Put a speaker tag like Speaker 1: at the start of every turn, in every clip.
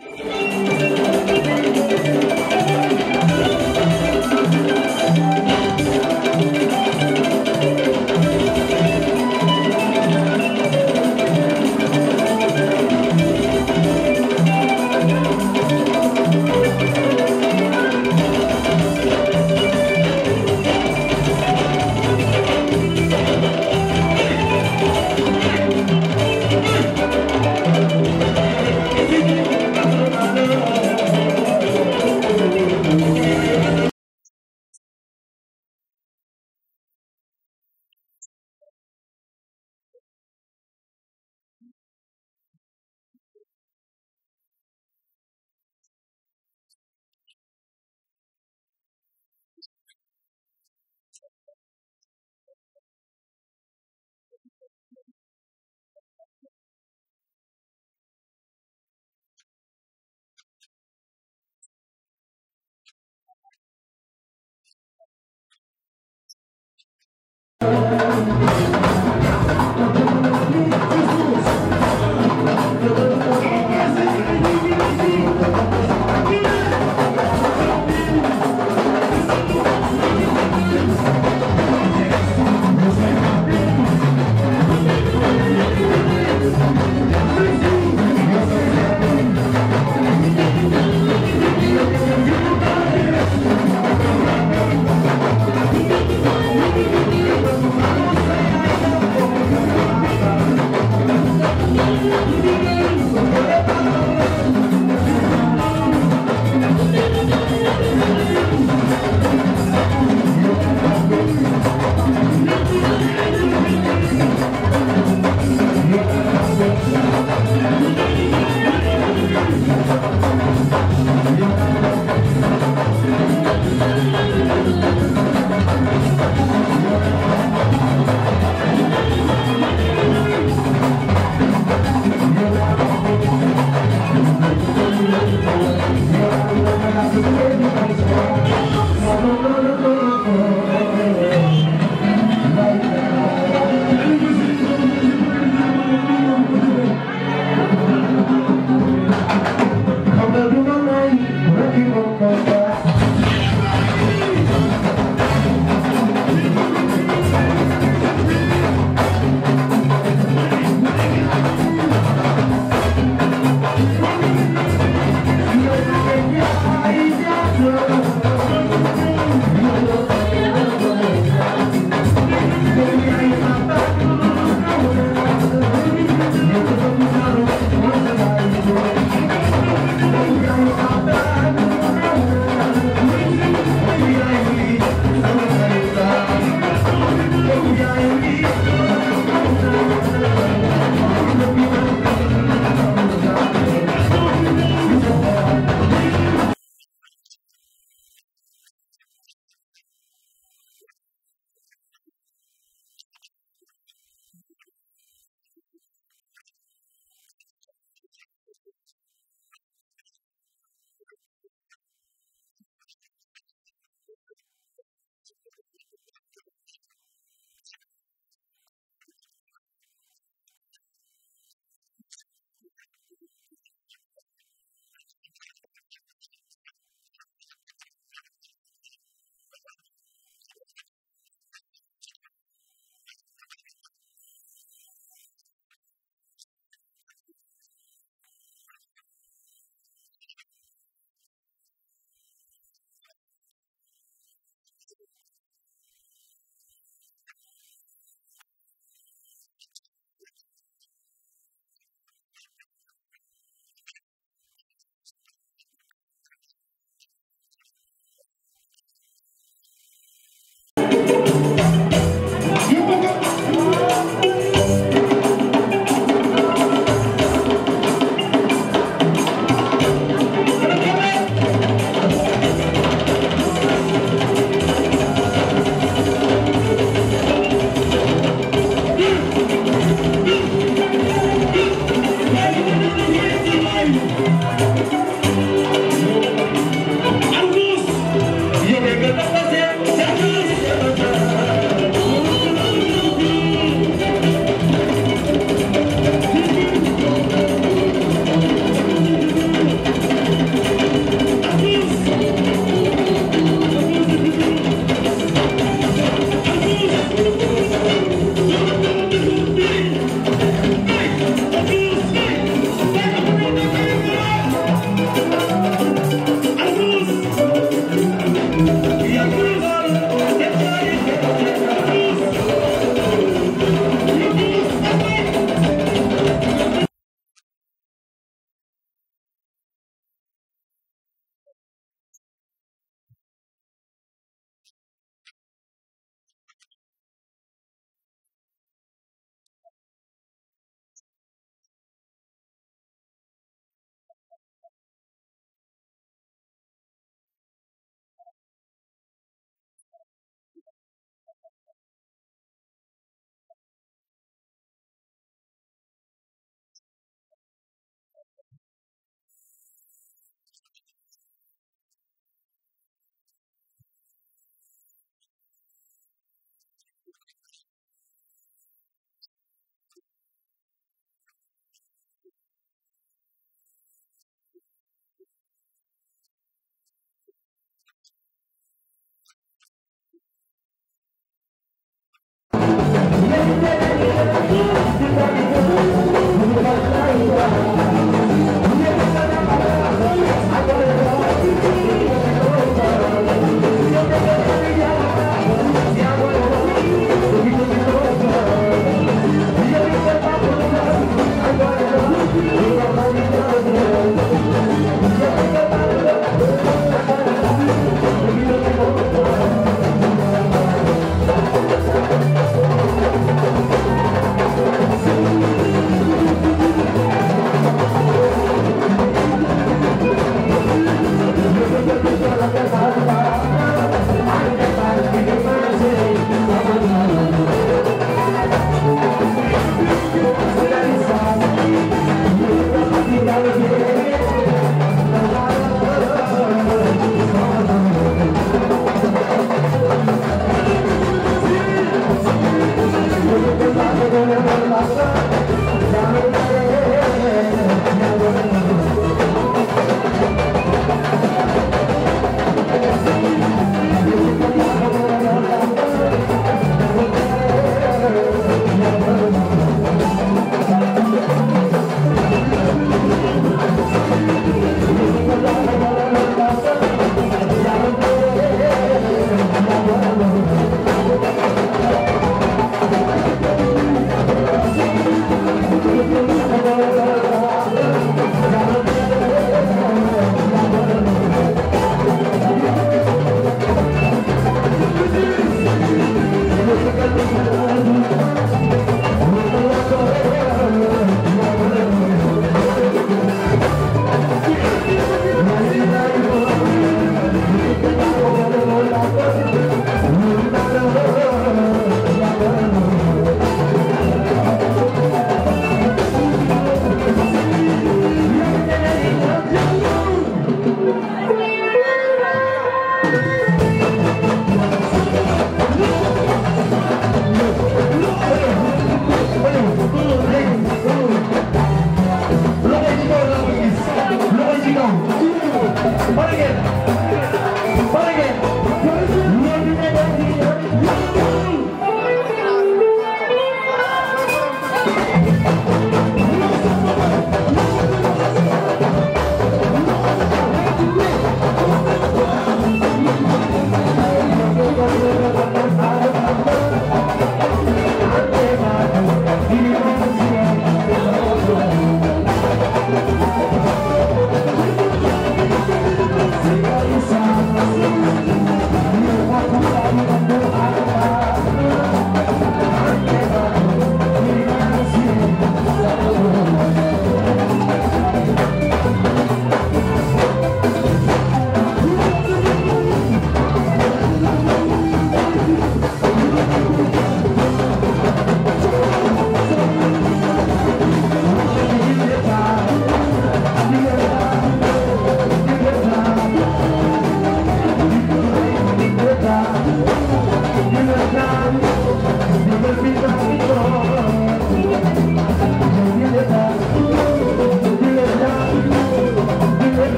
Speaker 1: Thank you.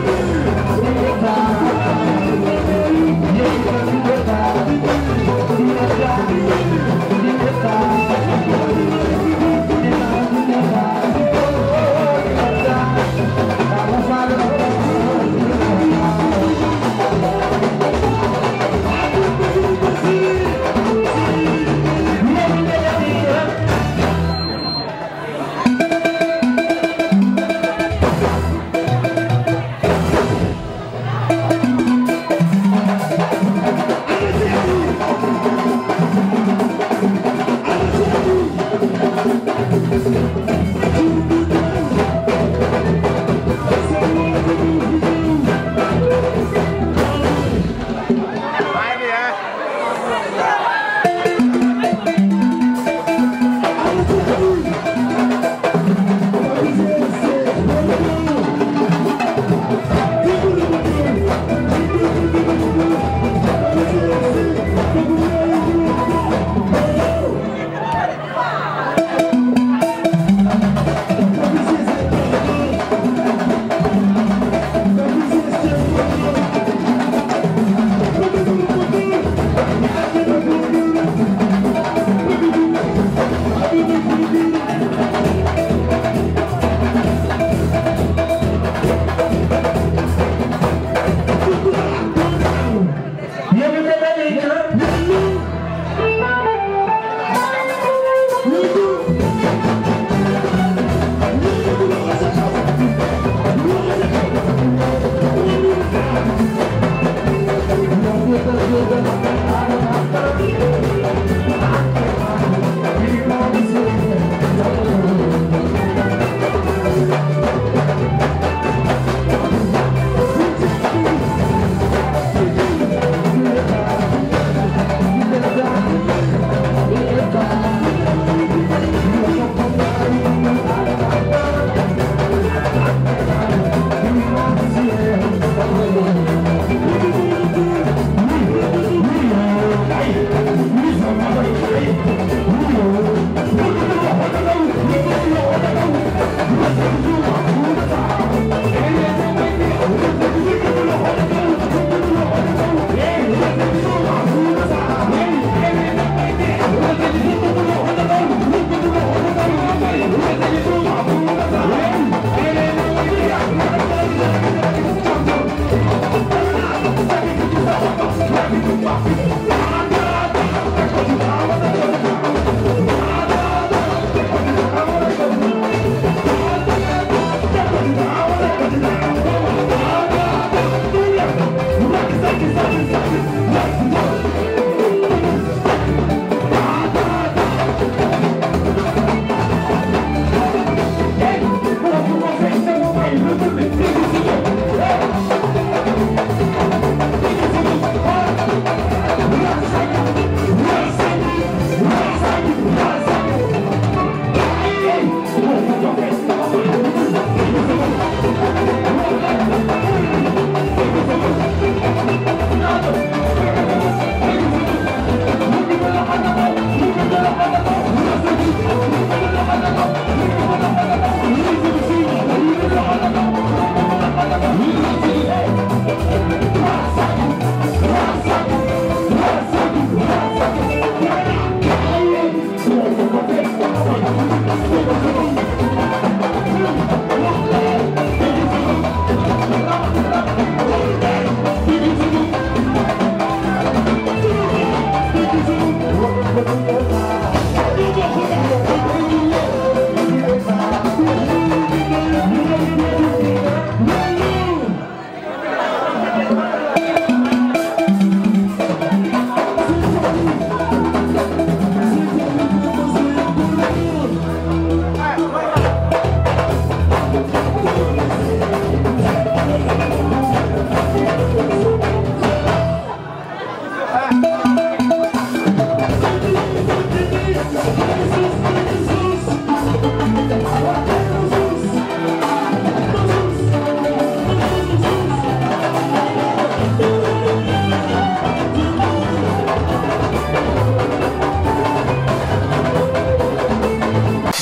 Speaker 1: Thank you. Não, não.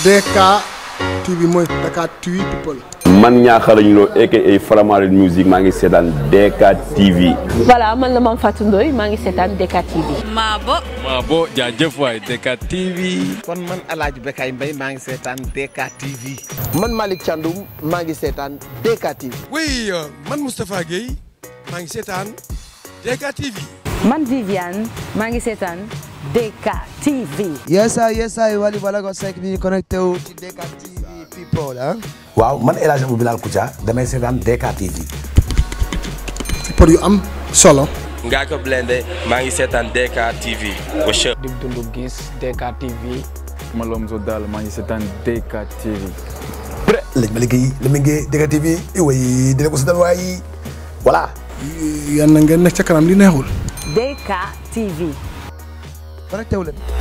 Speaker 1: DK TV mooy Dakar TV man ñaaxarañ loo aka Faramareen musique maa ngi seetaan DK TV. voilà man la Mame Fatou Ndoye maa ngi seetaan DK TV. Maabo. Maabo jaajëf waay DK TV. kon man El Hadj Bekay Mbaye maa ngi seetaan DK TV. man Malick Thiandoum maa ngi seetaan DK TV. oui euh, man Moustapha Guèye maa ngi seetaan DK TV. man Viviane maa ngi seetaan. DK TV. yes sir yes sir Wally Ballago Seck mi ngi connecté wu ci waaw man El Hadj Abou Bilal Koutia damay seetaan DK TV. pour yu am solo. ngaa ko blende maa ngi seetaan DK TV. di dundu gis DK TV. Malom so daal maa ngi seetaan DK TV. pré lañ ma liggéey la mi ngi DK TV iway dina ko seetaan waayi voilà. yal na ngeen nekk ca kanam li neexul. DK TV. connecté wu leen